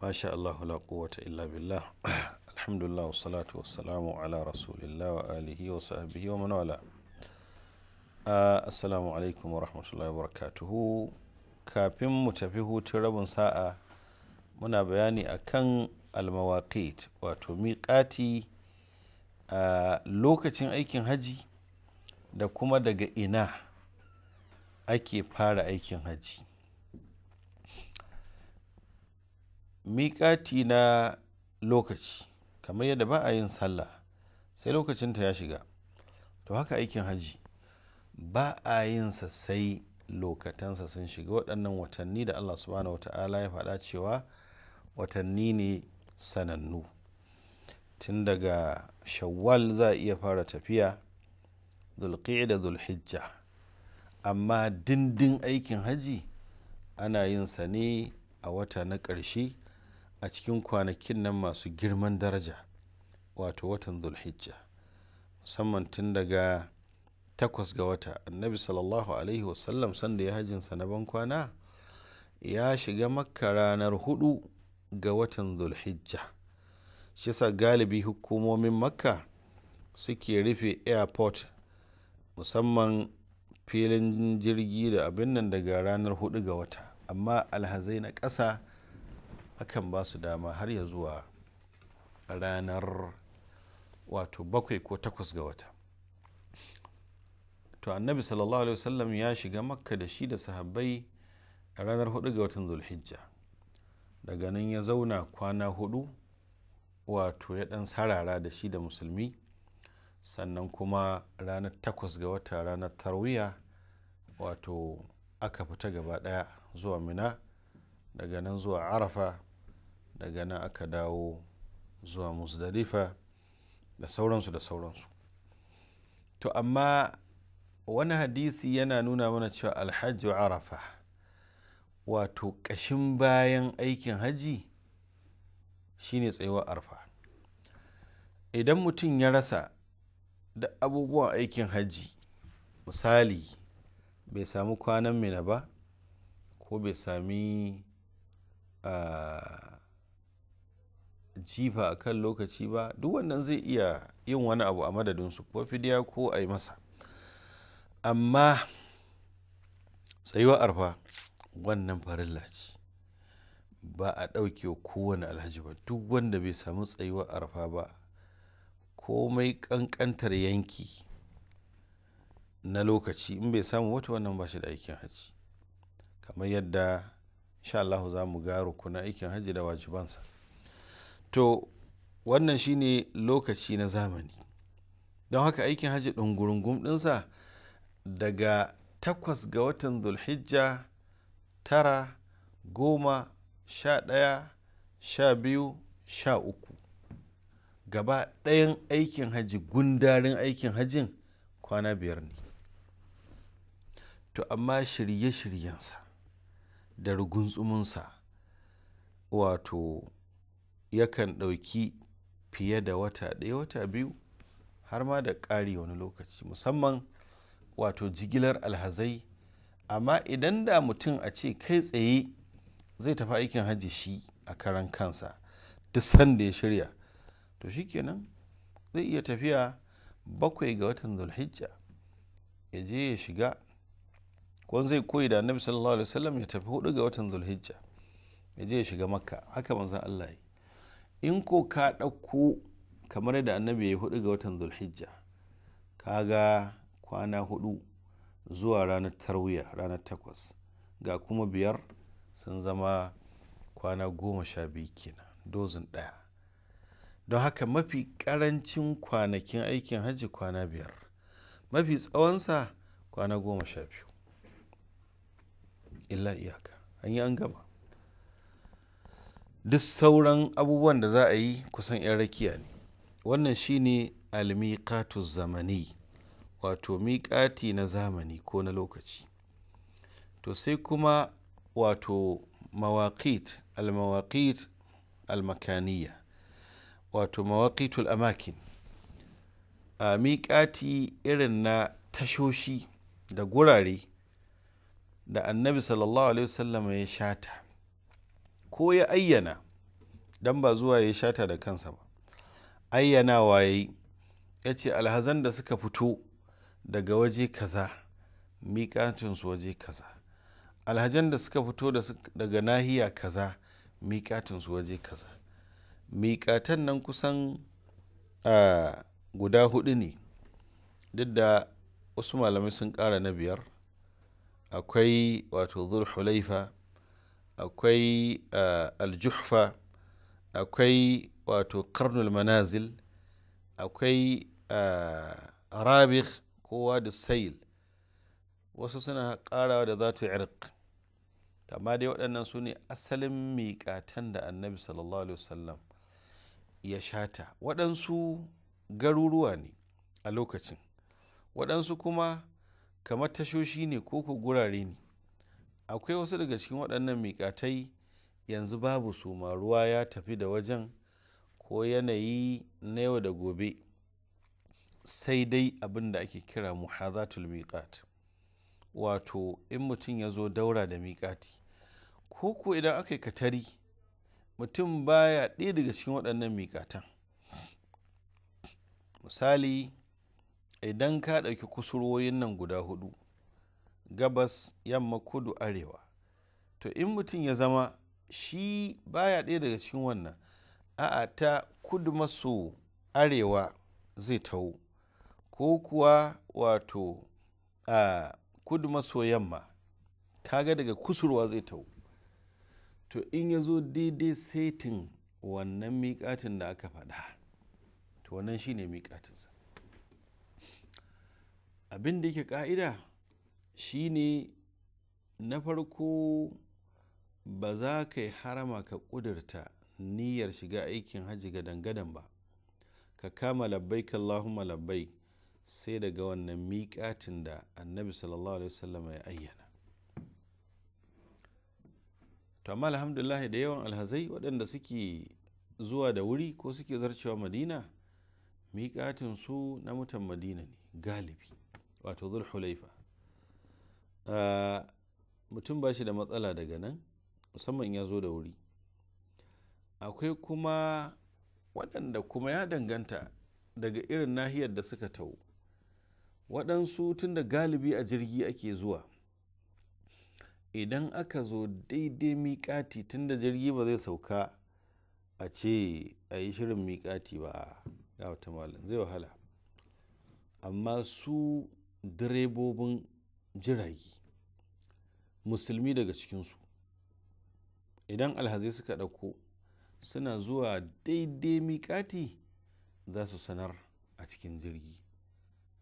masha Allah la quwwata illa billah alhamdulillah wassalatu wassalamu ala rasulillah wa alihi wa sahbihi wa man wala assalamu alaikum wa rahmatullahi wa barakatuhu kafin mu tafi hutun rabin sa'a muna bayani akan almawaqit wato miƙati a lokacin aikin haji da kuma daga ina ake fara aikin haji miƙati na lokaci kamar yadda ba a yin sallah sai lokacinta ya shiga to haka aikin hajji ba a yin sa sai lokatansa sun shiga waɗannan watanni da allah subhanahu wa ta'ala ya faɗa cewa watanni ne sanannu tun daga shawwal za a iya fara tafiya da zulhijja amma dindin aikin hajji ana yin sa ne a wata na ƙarshe a cikin kwanakin nan masu girman daraja wato watan zulhijja musamman tun daga takwas ga wata annabi sallallahu alaihi wasallam sanda ya hajjinsa na ban kwana ya shiga makka ranar hudu ga watan zulhijja shi sa galibi hukumomin makka suke rufe airport musamman filin jirgi da abin nan daga ranar hudu ga wata amma alhazai na ƙasa akan ba su dama har ya zuwa ranar wato bakwai ko takwas ga wata to annabi sallallahu alaihi wasallam ya shiga makka da shi da sahabbai ranar hudu ga watan zulhijja daga nan ya zauna kwana hudu wato ya dan sarara da shi da musulmi sannan kuma ranar takwas ga wata ranar tarwiya wato aka fita gaba daya zuwa mina daga nan zuwa arafa daga nan aka dawo zuwa musdalifa da sauransu da sauransu to amma wani hadisi yana nuna mana cewa alhaji arafa wato ƙashin bayan aikin haji shine tsayuwar arfa idan mutum ya rasa da abubuwan aikin haji misali bai sami kwanan mina ba ko bai sami ah, jifa a kan lokaci ba duk wannan zai iya yin wani abu a madadinsu ko fidiya ko a yi masa amma tsayuwa arfa wannan farin laci ba a ɗauke kowane alhaji ba duk wanda bai samu tsayuwa arfa ba komai ƙanƙantar yanki na lokaci in bai samu wata wannan ba shi da aikin haji kamar yadda sha Allah za mu ga rukunan aikin haji da wajibansa. to wannan shine lokaci na zamani don haka aikin hajji ɗungurungum ɗinsa daga takwas ga watan zulhijja tara goma sha ɗaya sha biyu sha uku gaba ɗayan aikin hajji gundarin aikin hajjin kwana biyar ne to amma shirye-shiryensa da rugunzumunsa wato yakan ɗauki fiye da wata ɗaya wata biyu har ma da ƙari wani lokaci musamman wato jigilar alhazai amma idan da mutum a ce kai tsaye zai tafi aikin hajji shi a karan kansa duk sanda ya shirya to shikenan zai iya tafiya bakwai ga watan zulhijja ya je ya shiga ko zai koyi da annabi sallallahu alaihi wasallam ya tafi hudu ga watan zulhijja ya je ya shiga makka haka manzon Allah yi in ko ka ɗauko kamar yadda annabi ya hudu ga watan zulhijja ka ga kwana hudu zuwa ranar tarwiyya, ranar takwas ga kuma biyar sun zama kwana goma sha biyu kenan dozin ɗaya don haka mafi ƙarancin kwanakin aikin hajji kwana biyar mafi tsawonsa kwana goma sha biyu illa iyaka an yi an gama duk sauran abubuwan da za a yi kusan 'yan rakiya ne wannan shine almiqatu zamani wato miƙati na zamani ko na lokaci to sai kuma wato mawaƙit almawaƙit almakaniya wato mawaƙitul amakin a miƙati irin na tashoshi da gurare da annabi sallallahu alaihi wasallama ya shata ko ya ayyana don ba zuwa ya shata da kansa ba ayyana waye ya ce alhazan da suka fito daga waje kaza miƙatinsu waje kaza alhajan da suka fito daga nahiya kaza miƙatinsu waje kaza miƙatan nan kusan guda hudu ne duk da wasu malamai sun ƙara na biyar akwai wato zulhulaifa akwai eh, aljuhfa akwai wato karnul manazil akwai eh, rabih kowa da sail wasu suna karawa da zatu irk amma dai waɗannan su ne asalin miƙatan da annabi sallallahu alaihi wasallam ya shata waɗansu garuruwa ne a lokacin waɗansu kuma kamar tashoshi ne ko gurare ne akwai wasu daga cikin waɗannan miƙatai yanzu babu su ma ruwa ya tafi da wajen ko yanayi na yau da gobe sai dai abin da ake kira muhazatul miƙat wato in mutum ya zo daura da miƙati ko ko idan aka yi katari mutum baya ɗaya daga cikin waɗannan miƙatan misali idan ka ɗauki kusurwoyin nan guda hudu gabas yamma kudu arewa to in mutum ya zama shi baya ɗaya daga cikin wannan a'a ta kudu maso arewa zai ta'u ko kuwa wato a kudu maso yamma kaga daga kusurwa zai ta'u to in ya zo daidai saitin wannan miƙatin da aka faɗa to wannan shine miƙatinsa abin da yake ƙa'ida Shi ne na farko ba za ka yi harama ka ƙudurta niyyar shiga aikin hajji gadan-gadan ba ka kama labbai Allahumma labbai sai daga wannan miƙatin da annabi sallallahu alaihi wasallam ya ayyana to amma alhamdulillah da yawan alhazai waɗanda suke zuwa da wuri ko suke zarcewa madina miƙatin su na mutan madina ne galibi wato zulhulaifa Eh, mutum ba shi da matsala daga nan musamman ya zo da wuri akwai kuma waɗanda kuma ya danganta daga irin nahiyar da suka tau waɗansu tun da galibi a jirgi ake zuwa idan aka zo daidai miƙati tun da jirgi ba zai sauka a ce a yi shirin miƙati ba ya wata malam zai wahala amma su direbobin jirage musulmi daga cikinsu idan alhazai suka ɗauko suna zuwa daidai miƙati za su sanar a cikin jirgi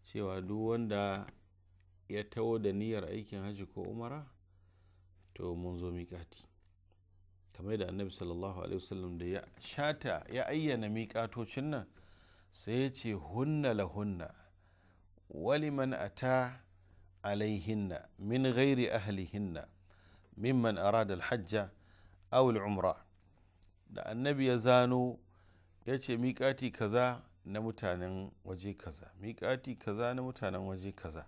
cewa duk wanda ya tawo da niyyar aikin hajji ko umara to mun zo miƙati kamar da annabi sallallahu alaihi wasallam da ya shata ya ayyana miƙatocin nan sai ya ce hunna la hunna waliman ata عليهن من غير أهلهن ممن أراد الحج أو العمرة da annabi ya zano ya ce miƙati kaza na mutanen waje kaza miƙati kaza na mutanen waje kaza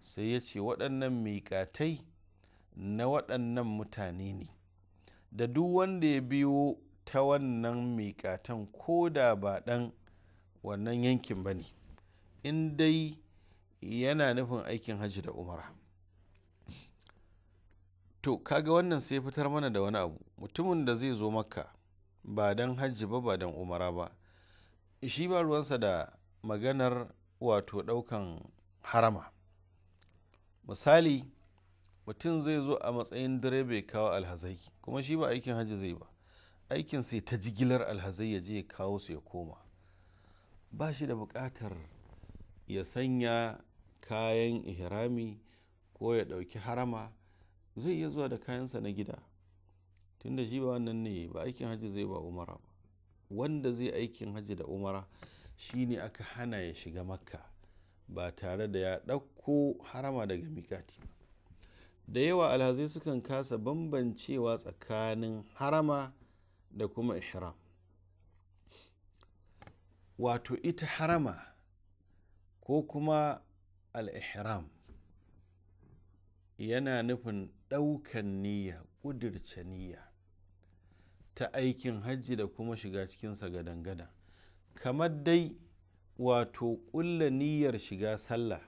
sai ya ce waɗannan miƙatai na waɗannan mutane ne da duk wanda ya biyo ta wannan miƙatan ko da ba ɗan wannan yankin ba ne in dai yana nufin aikin hajji da umara to kaga wannan sai fitar mana da wani abu mutumin da zai zo makka ba don hajji ba ba don umara ba shi ba ruwansa da maganar wato ɗaukan harama misali mutum zai zo a matsayin direba kawo alhazai kuma shi ba aikin hajji zai ba aikin sai ta jigilar alhazai ya je ya kawo su ya koma ba shi da bukatar. ya sanya kayan ihrami ko ya ɗauki harama zai iya zuwa da kayansa na gida tunda shi ba wannan ne ba aikin hajji zai ba umara ba wanda zai aikin hajji da umara shi ne aka hana ya shiga makka ba tare da ya ɗauko harama daga mikati da yawa alhazai sukan kasa bambancewa tsakanin harama da kuma ihram wato ita harama ko kuma Al'Ihram yana nufin ɗaukan niyya ƙudurce niyya ta aikin hajji da kuma shiga cikinsa gadan-gadan kamar dai wato ƙulla niyyar shiga sallah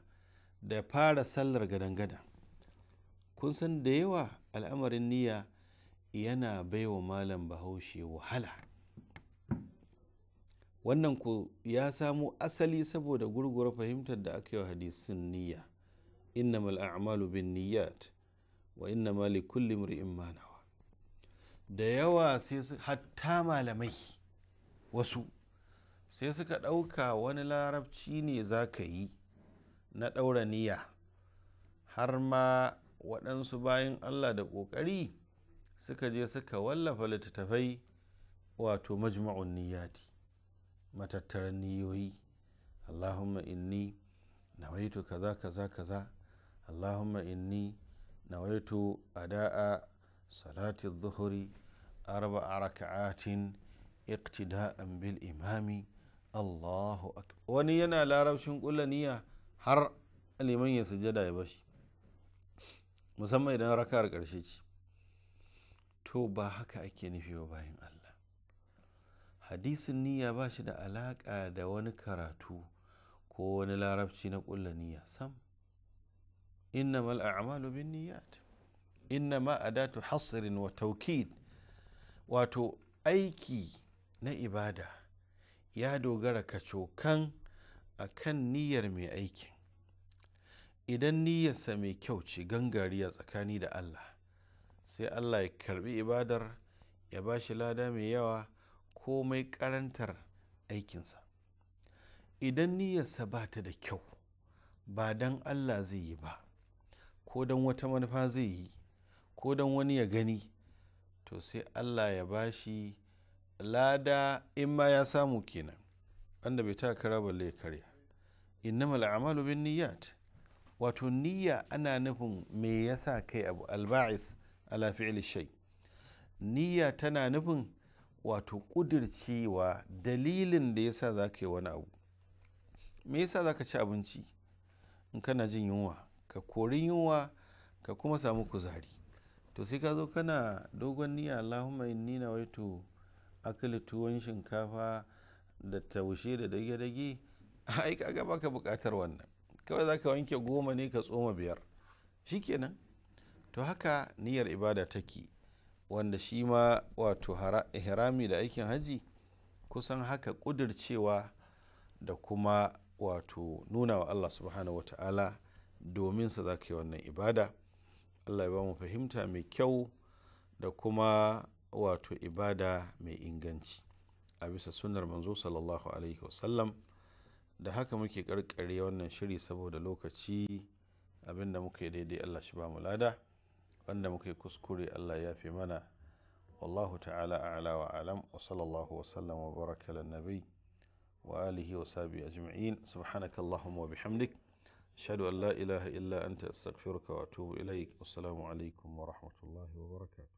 da fara sallar gadan-gadan kun san da yawa al'amarin niyya yana baiwa malam bahaushe wahala wannan ku ya samo asali saboda gurgura fahimtar da aka yi wa hadisin niyya mal a'malu bin niyyat wa ma li kulli imri'in ma nawa da yawa sai su hatta malamai wasu sai suka ɗauka wani larabci ne za ka yi na ɗaura niyya har ma waɗansu bayan allah da ƙoƙari suka je suka wallafa littattafai wato majma'un niyyati matattaran niyoyi allahumma inni waito kaza kaza kaza allahumma inni nawaitu da'a salati zuhuri a raka'atin iktida'an bil imami allahu wani yana larabcin kulla niyya har liman ya sujada ya bashi musamman idan raka'ar karshe ce to ba haka ake nufi wa bayan allah hadisin niyya ba shi da alaƙa da wani karatu ko wani larabci na ƙulla niyya sam mal a'malu bin niyyat ma adatu hasrin wa taukid wato aiki na ibada ya dogara kacokan a kan niyyar mai aikin idan niyyarsa mai kyau ce gangariya tsakani da allah sai allah ya karbi ibadar ya ba shi lada mai yawa komai karantar aikinsa idan niyyarsa ba ta da kyau ba don allah zai yi ba ko don wata manufa zai yi ko don wani ya gani to sai allah ya bashi lada in ma ya samu kenan wanda bai ta kara balle ya karya innamal a'malu bin niyyat wato niyya ana nufin me yasa kai abu alba'is ala fi'li shay niyya tana nufin wato ƙudircewa dalilin da yasa za ka yi wani abu me yasa za ka ci abinci in kana jin yunwa ka kori yunwa ka kuma samu kuzari to sai ka zo kana dogon niyya allahumma inni na waito akali tuwon shinkafa da taushe da dage-dage ai gaba baka bukatar wannan kawai za ka wanke goma ne ka tsoma biyar Shi shikenan to haka niyyar ibada take wanda shi ma wato ihrami da aikin haji kusan haka ƙudurcewa da kuma wato nuna wa Allah subhanahu wa ta'ala domin sa za yi wannan ibada Allah ya ba mu fahimta mai kyau da kuma wato ibada mai inganci a bisa sunnar manzo sallallahu alaihi wasallam da haka muke karkare wannan shiri saboda lokaci abinda muke daidai Allah shi ba mu lada wanda muka yi kuskure Allah ya fi mana wallahu ta'ala a'la wa alam wa sallallahu wa sallam wa baraka lan nabi wa alihi wa sahbihi ajma'in subhanaka wa bihamdik ashhadu an la ilaha illa anta astaghfiruka wa atubu ilaik assalamu alaikum wa rahmatullahi wa barakatuh